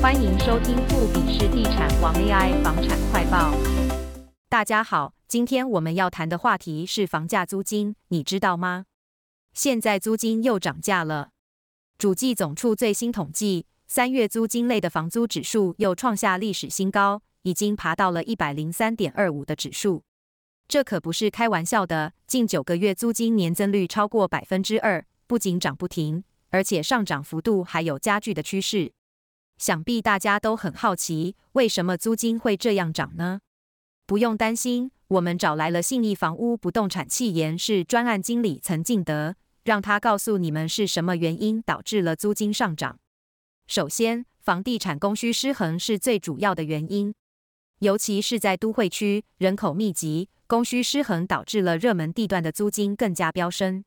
歡迎收聽富比士地產王 AI 房產快報。大家好，今天我們要談的話題是房價租金，你知道嗎？現在租金又漲價了。主計總處最新統計，三月租金類的房租指數又創下歷史新高，已經爬到了一百零三點二五的指數。這可不是開玩笑的，近九個月租金年增率超過百分之二，不僅漲不停，而且上漲幅度還有加劇的趨勢。想必大家都很好奇，為什麼租金會這樣漲呢？不用擔心，我們找來了信義房屋不動產企研室專案經理曾敬德，讓他告訴你們是什麼原因導致了租金上漲。首先，房地產供需失衡是最主要的原因，尤其是在都會區，人口密集，供需失衡導致了熱門地段的租金更加飆升。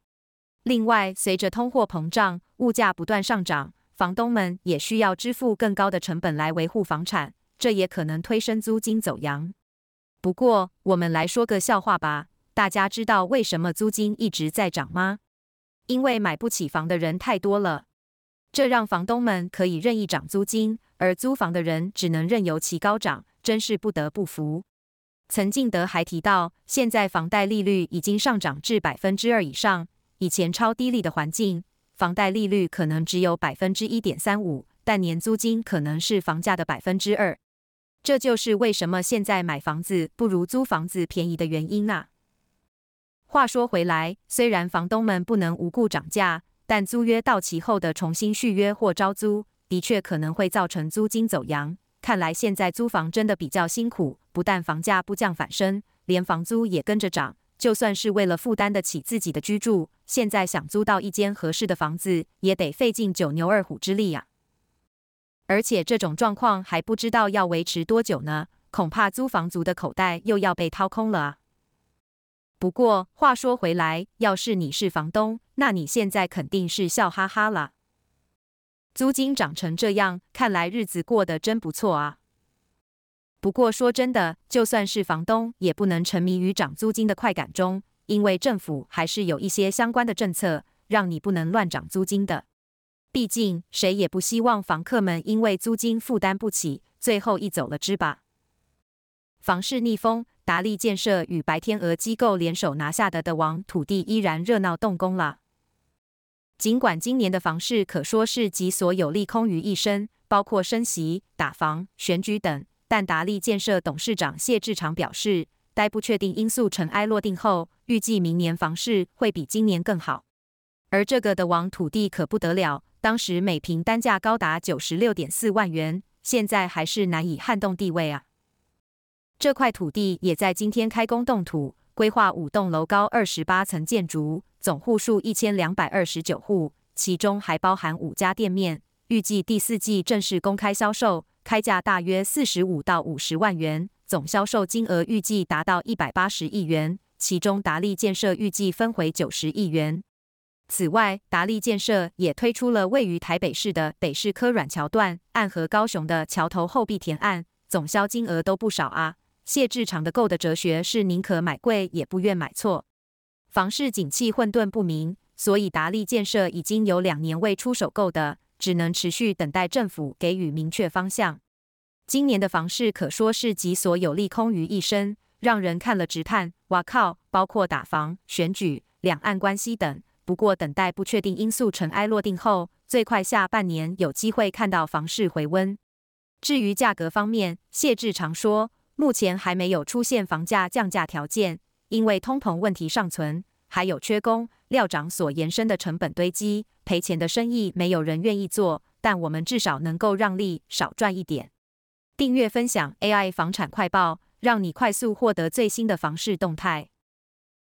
另外，隨着通貨膨脹，物價不斷上漲。房東們也需要支付更高的成本來維護房產，這也可能推升租金走揚。不過，我們來說個笑話吧。大家知道為什麼租金一直在漲嗎？因為買不起房的人太多了，這讓房東們可以任意漲租金，而租房的人只能任由其高漲，真是不得不服。曾敬德還提到，現在房貸利率已經上漲至百分之二以上，以前超低利的環境。房貸利率可能只有百分之一點三五，但年租金可能是房價的百分之二，這就是為什麼現在買房子不如租房子便宜的原因啊。話說回來，雖然房東們不能無故漲價，但租約到期後的重新續約或招租，的確可能會造成租金走揚。看來現在租房真的比較辛苦，不但房價不降反升，連房租也跟着漲。就算是為了負擔得起自己的居住。現在想租到一間合適的房子，也得費盡九牛二虎之力啊！而且這種狀況還不知道要維持多久呢，恐怕租房族的口袋又要被掏空了啊。不過話說回來，要是你是房東，那你現在肯定是笑哈哈了。租金漲成這樣，看來日子過得真不錯啊。不過說真的，就算是房東，也不能沉迷於漲租金的快感中。因為政府還是有一些相關的政策，讓你不能亂漲租金的。畢竟誰也不希望房客們因為租金負擔不起，最後一走了之吧。房市逆風，達利建設與白天鵝機構聯手拿下的的王土地依然熱鬧動工了。儘管今年的房市可說是集所有利空於一身，包括升息、打房、選舉等，但達利建設董事長謝志長表示，待不確定因素塵埃落定後，預計明年房市會比今年更好。而這個地王土地可不得了，當時每坪單價高達九十六點四萬元，現在還是難以撼動地位啊！這塊土地也在今天開工動土，規劃五棟樓高二十八層建築，總戶數一千兩百二十九戶，其中還包含五家店面。預計第四季正式公開銷售，開價大約四十五到五十萬元。總銷售金額預計達到一百八十億元，其中達麗建設預計分回九十億元。此外，達麗建設也推出了位於台北市的北市科軟橋段、岸和高雄的橋頭後壁田岸，總銷金額都不少啊。謝志長的購地哲學是寧可買貴也不願買錯。房市景氣混沌不明，所以達麗建設已經有兩年未出手購地，只能持續等待政府給予明確方向。今年的房市可說是集所有利空於一身，讓人看了直嘆“哇靠”！包括打房、選舉、兩岸關係等。不過，等待不確定因素塵埃落定後，最快下半年有機會看到房市回溫。至於價格方面，謝志常說，目前還沒有出現房價降價條件，因為通膨問題尚存，還有缺工、料漲所延伸的成本堆積，賠錢的生意沒有人願意做。但我們至少能夠讓利，少賺一點。訂閱分享 AI 房產快報，讓你快速獲得最新的房市動態。